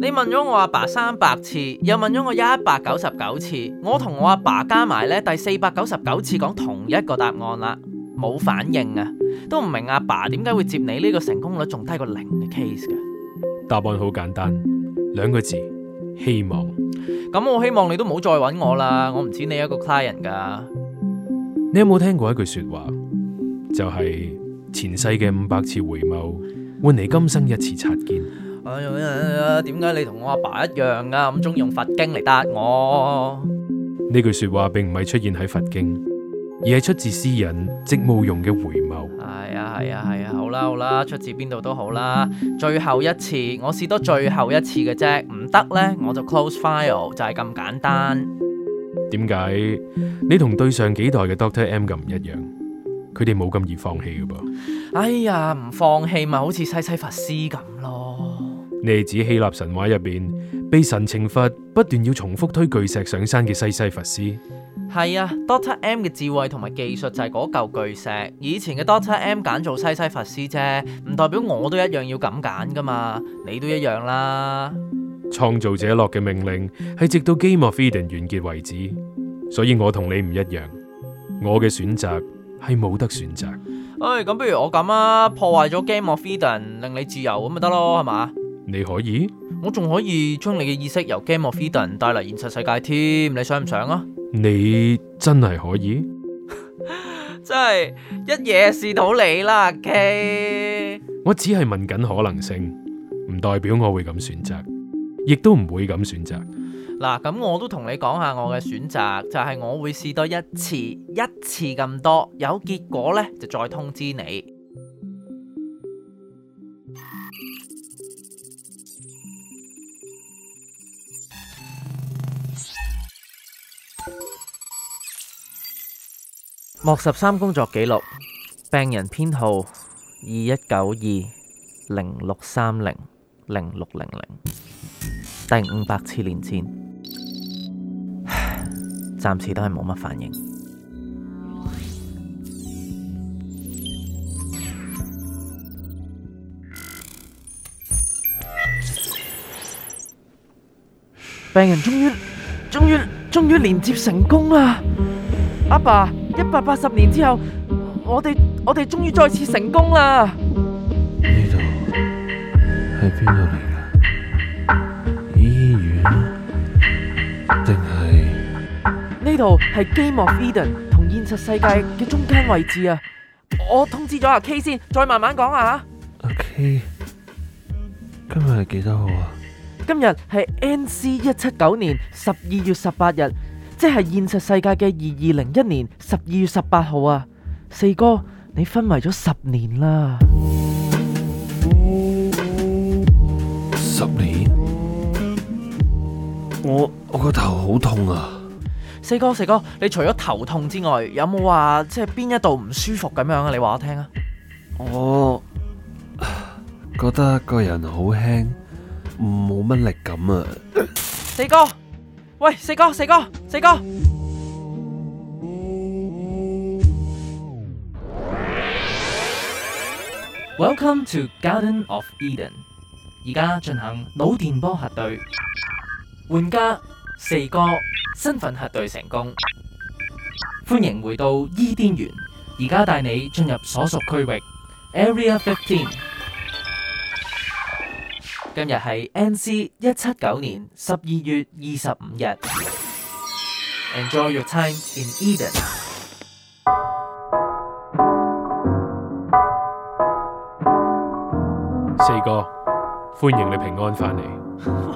你問咗我阿爸三百次，又問咗我一百九十九次，我同我阿爸加埋咧，第四百九十九次講同一個答案啦，冇反應啊，都唔明阿爸點解會接你呢個成功率仲低過零嘅 case 噶？答案好簡單，兩個字，希望。咁我希望你都唔好再搵我啦，我唔止你一個 client 噶。你有冇聽過一句說話？就係前世嘅五百次回眸，換嚟今生一次擦肩。點解你同我阿爸一樣啊咁鍾意用佛經嚟答我？呢句說話並唔係出現喺佛經，而係出自詩人席慕蓉嘅回眸。係啊係啊係啊，好啦好啦，出自邊度都好啦。最後一次，我試多最後一次嘅啫，唔得咧我就 close file，就係咁簡單。點解你同對上幾代嘅 Doctor M 咁唔一樣？佢哋冇咁易放棄噶噃。哎呀，唔放棄咪好似西西弗斯咁咯。你指：希臘神話入面被神懲罰，不斷要重複推巨石上山嘅西西弗斯？係啊，Dr. M 嘅智慧同埋技術就係嗰嚿巨石。以前嘅 Dr. M 揀做西西弗斯啫，唔代表我都一樣要咁揀噶嘛，你都一樣啦。創造者落嘅命令係直到 Game of Eden 完結為止，所以我同你唔一樣。我嘅選擇係冇得選擇。唉、哎，咁不如我咁啊，破壞咗 Game of Eden，令你自由咁咪得咯，係嘛？你可以？我仲可以將你嘅意識由 Game of Eden 帶嚟現實世界添，你想唔想啊？你真係可以？ 真係一嘢就試到你啦，K。Okay? 我只係問緊可能性，唔代表我會咁選擇，亦都唔會咁選擇。嗱，咁我都同你講下我嘅選擇，就係、是、我會試多一次，一次咁多，有結果呢，就再通知你。.莫十三工作記錄，病人編號二一九二零六三零零六零零，第五百次連線，唉，暫時都係冇乜反應。病人終於終於終於連接成功啦，阿爸。一百八十年之後，我哋我哋終於再次成功啦！呢度係邊度嚟噶？醫院定係？呢度係《Game of Eden》同現實世界嘅中間位置啊！我通知咗阿 K 先，再慢慢講啊吓！阿 K，今日係幾多號啊？今日係 NC 一七九年十二月十八日。即係現實世界嘅二二零一年十二月十八號啊，四哥，你昏迷咗十年啦，十年，我我個頭好痛啊，四哥，四哥，你除咗頭痛之外，有冇話即係邊一度唔舒服咁樣啊？你話我聽啊，我覺得個人好輕，冇乜力咁啊，四哥。喂，四哥，四哥，四哥。Welcome to Garden of Eden。而家進行腦電波核對，玩家四哥身份核對成功。歡迎回到伊甸園，而家帶你進入所屬區域 Area Fifteen。今日係 NC179 年12月25日。Enjoy your time in Eden。四哥，歡迎你平安返嚟。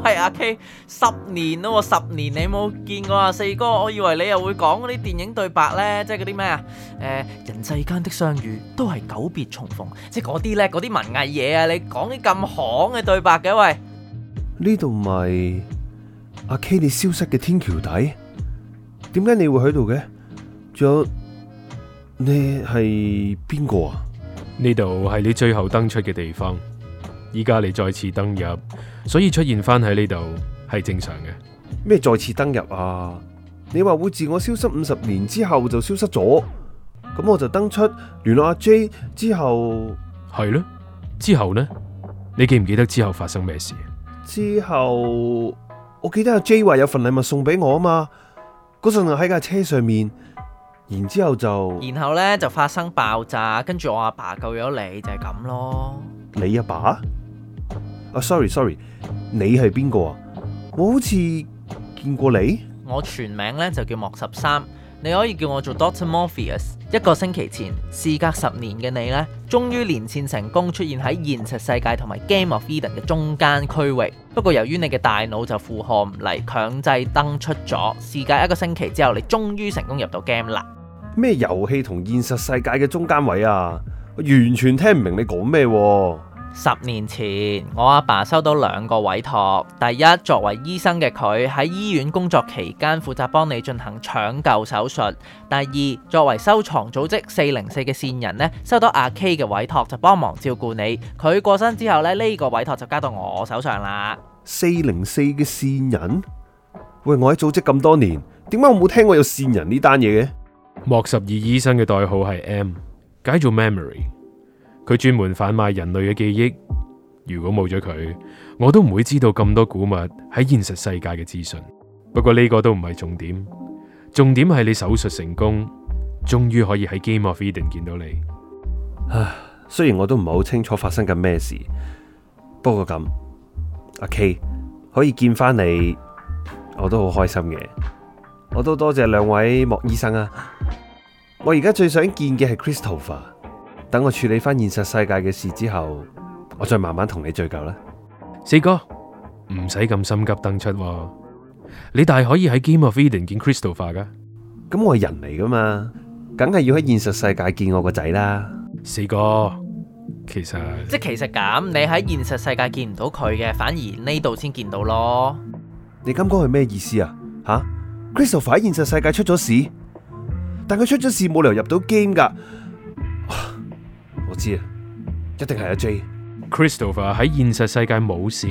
喂，阿 K，十年咯，十年你冇見過啊，四哥，我以為你又會講嗰啲電影對白咧，即係嗰啲咩啊？誒、呃，人世間的相遇都係久別重逢，即係嗰啲咧，嗰啲文藝嘢啊，你講啲咁行嘅對白嘅喂？呢度咪阿 K 你消失嘅天橋底？點解你會喺度嘅？仲有你係邊個啊？呢度係你最後登出嘅地方。依家你再次登入，所以出現翻喺呢度係正常嘅。咩再次登入啊？你話會自我消失五十年之後就消失咗，咁我就登出，聯絡阿 J 之後係啦。之後呢？你記唔記得之後發生咩事？之後我記得阿 J 話有份禮物送俾我啊嘛。嗰陣喺架車上面，然之後就，然後呢，就發生爆炸，跟住我阿爸救咗你，就係咁咯。你阿爸？啊、oh，sorry，sorry，你係邊個啊？我好似見過你。我全名咧，就叫莫十三，你可以叫我做 Doctor Morpheus。一個星期前，事隔十年嘅你咧，終於連線成功，出現喺現實世界同埋 Game of Eden 嘅中間區域。不過由於你嘅大腦就負荷唔嚟，強制登出咗。事隔一個星期之後，你終於成功入到 game 啦。咩遊戲同現實世界嘅中間位啊？我完全聽唔明你講咩啊。十年前，我阿爸收到兩個委託。第一，作為醫生嘅佢喺醫院工作期間，負責幫你進行搶救手術；第二，作為收藏組織四零四嘅線人咧，收到阿 K 嘅委託就幫忙照顧你。佢過身之後呢，呢個委託就交到我手上啦。四零四嘅線人？喂，我喺組織咁多年，點解我冇聽過有線人呢單嘢嘅？莫十二醫生嘅代號係 M，解做 Memory。佢專門販賣人類嘅記憶，如果冇咗佢，我都唔會知道咁多古物喺現實世界嘅資訊。不過呢個都唔係重點，重點係你手術成功，終於可以喺 Game of e d e n g 見到你。啊，雖然我都唔係好清楚發生緊咩事，不過咁阿 K 可以見翻你，我都好開心嘅。我都多謝兩位莫醫生啊，我而家最想見嘅係 Christopher。等我處理翻現實世界嘅事之後，我再慢慢同你追究啦。四哥，唔使咁心急登出，啊，你大可以喺 Game of Eden 見 Crystal 化噶。咁我係人嚟噶嘛，梗係要喺現實世界見我個仔啦。四哥，其實即係其實咁，你喺現實世界見唔到佢嘅，反而呢度先見到咯。你咁講係咩意思啊？吓，Crystal 喺現實世界出咗事，但佢出咗事冇理由入到 Game 噶。啊我知啊，一定係阿 J。Christopher 喺現實世界冇事，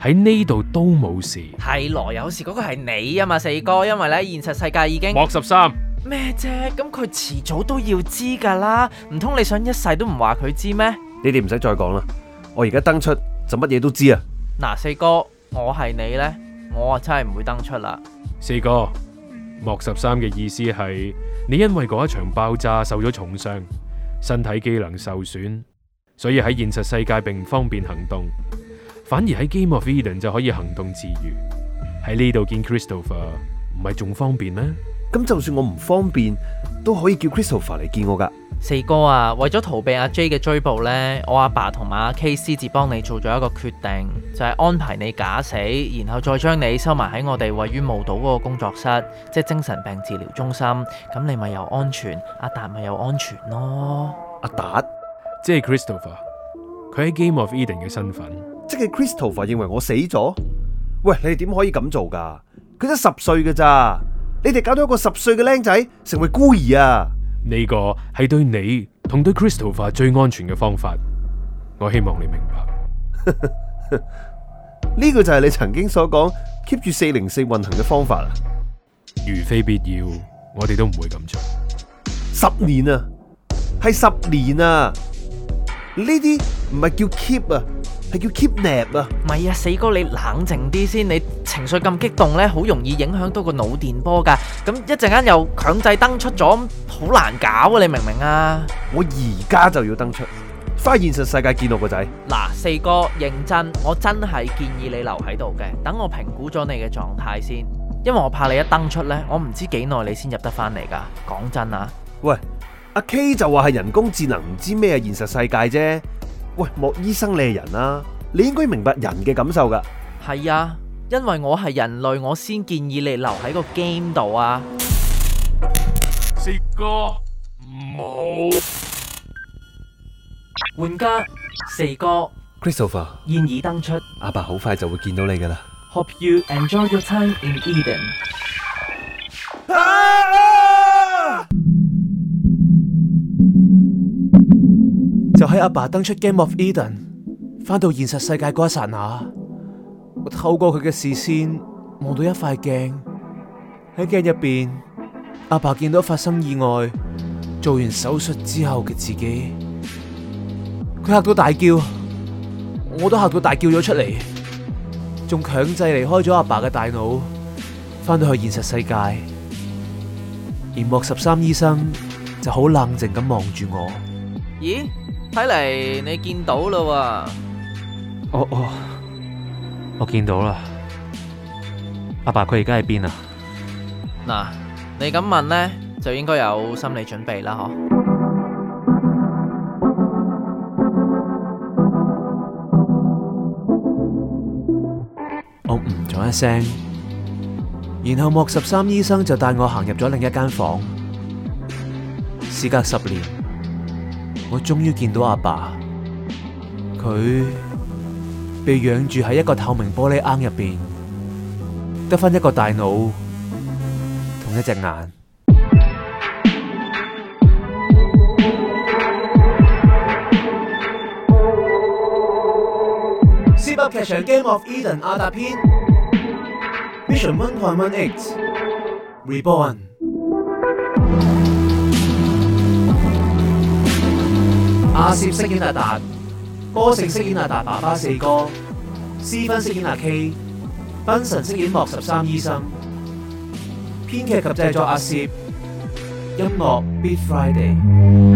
喺呢度都冇事。係咯，有事嗰個係你啊嘛，四哥，因為咧現實世界已經……莫十三。咩啫？咁佢遲早都要知噶啦，唔通你想一世都唔話佢知咩？你哋唔使再講啦，我而家登出就乜嘢都知啊。嗱，四哥，我係你咧，我啊真係唔會登出啦。四哥，莫十三嘅意思係你因為嗰一場爆炸受咗重傷，身體機能受損，所以喺現實世界並唔方便行動，反而喺《Game of Eden》就可以行動自如。喺呢度見 Christopher，唔係仲方便咩？咁就算我唔方便，都可以叫 Christopher 嚟見我噶。四哥啊，為咗逃避阿 J 嘅追捕呢，我阿爸同埋阿 K 私自幫你做咗一個決定，就係安排你假死，然後再將你收埋喺我哋位於霧島嗰個工作室，即係精神病治療中心。咁你咪又安全，阿達咪又安全咯。阿達，即係 Christopher，佢喺 Game of Eden 嘅身份，即係 Christopher 認為我死咗。喂，你哋點可以咁做噶？佢得十歲噶咋？你哋搞到一個十歲嘅僆仔，成為孤兒啊！呢個係對你同對 Christopher 最安全嘅方法，我希望你明白。呢 個就係你曾經所講 keep 住四零四運行嘅方法啦。如非必要，我哋都唔會咁做。十年啊，係十年啊，呢啲唔係叫 keep 啊。係叫 keep nap 啊！唔係啊，四哥你冷靜啲先，你情緒咁激動呢，好容易影響到個腦電波噶咁一陣間又強制登出咗，好難搞啊！你明唔明啊？我而家就要登出，翻現實世界見到個仔。嗱，四哥認真，我真係建議你留喺度嘅，等我評估咗你嘅狀態先，因為我怕你一登出呢，我唔知幾耐你先入得翻嚟噶講真啊，喂，阿 K 就話係人工智能，唔知咩現實世界啫。喂，莫醫生，你係人啦，啊，你應該明白人嘅感受噶係啊，因為我係人類，我先建議你留喺個 game 度啊。四哥，唔好。玩家，四哥，Christopher，現已登出。阿爸好快就會見到你噶啦。Hope you enjoy your time in Eden。又喺阿爸登出 Game of Eden，翻到現實世界嗰一剎那，我透過佢嘅視線望到一塊鏡，喺鏡入邊，阿爸見到發生意外、做完手術之後嘅自己，佢嚇到大叫，我都嚇到大叫咗出嚟，仲強制離開咗阿爸嘅大腦，翻到去現實世界，而莫十三醫生就好冷靜咁望住我，咦？Yeah? 睇嚟你見到啦喎，哦哦，我見到啦，阿爸佢而家喺邊啊？嗱，你咁問咧，就應該有心理準備啦嗬？我唔咗一聲，然後莫十三醫生就帶我行入咗另一間房間。事隔十年。我終於見到阿爸，佢被養住喺一個透明玻璃缸入邊，得翻一個大腦同一隻眼。《Zip 噏劇場 Game of Eden 阿達篇》Mission 1.18 Reborn。阿攝飾演阿達，歌聖飾演阿達爸爸四哥，詩芬飾演阿 K，賓神飾演莫十三醫生，編劇及製作阿攝，音樂 Beat Friday。